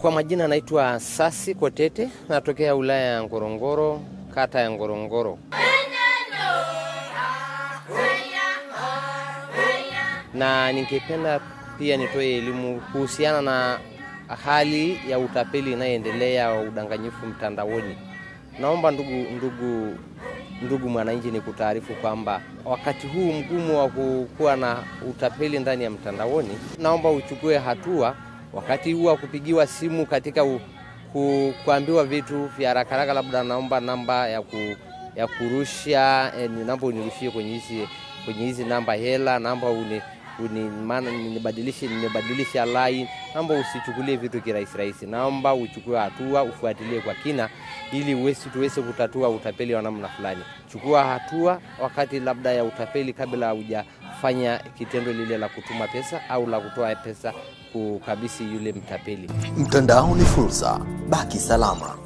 Kwa majina anaitwa Sasi Kotete, natokea wilaya ya Ngorongoro, kata ya Ngorongoro. Na ningependa pia nitoe elimu kuhusiana na hali ya utapeli inayoendelea wa udanganyifu mtandaoni. Naomba ndugu, ndugu, ndugu mwananchi kutaarifu kwamba wakati huu mgumu wa kuwa na utapeli ndani ya mtandaoni, naomba uchukue hatua wakati huu wa kupigiwa simu katika u, ku, kuambiwa vitu vya haraka haraka, labda naomba namba ya, ku, ya kurusha eh, namba unirushie kwenye hizi kwenye hizi namba hela, namba uni, uni, maana nibadilishe nibadilisha line, namba, usichukulie vitu kirahisi rahisi, naomba uchukue hatua, ufuatilie kwa kina ili uwezi tuweze kutatua utapeli wa namna fulani. Chukua hatua wakati labda ya utapeli kabla huja kufanya kitendo lile la kutuma pesa au la kutoa pesa kukabisi yule mtapeli. Mtandao ni fursa, baki salama.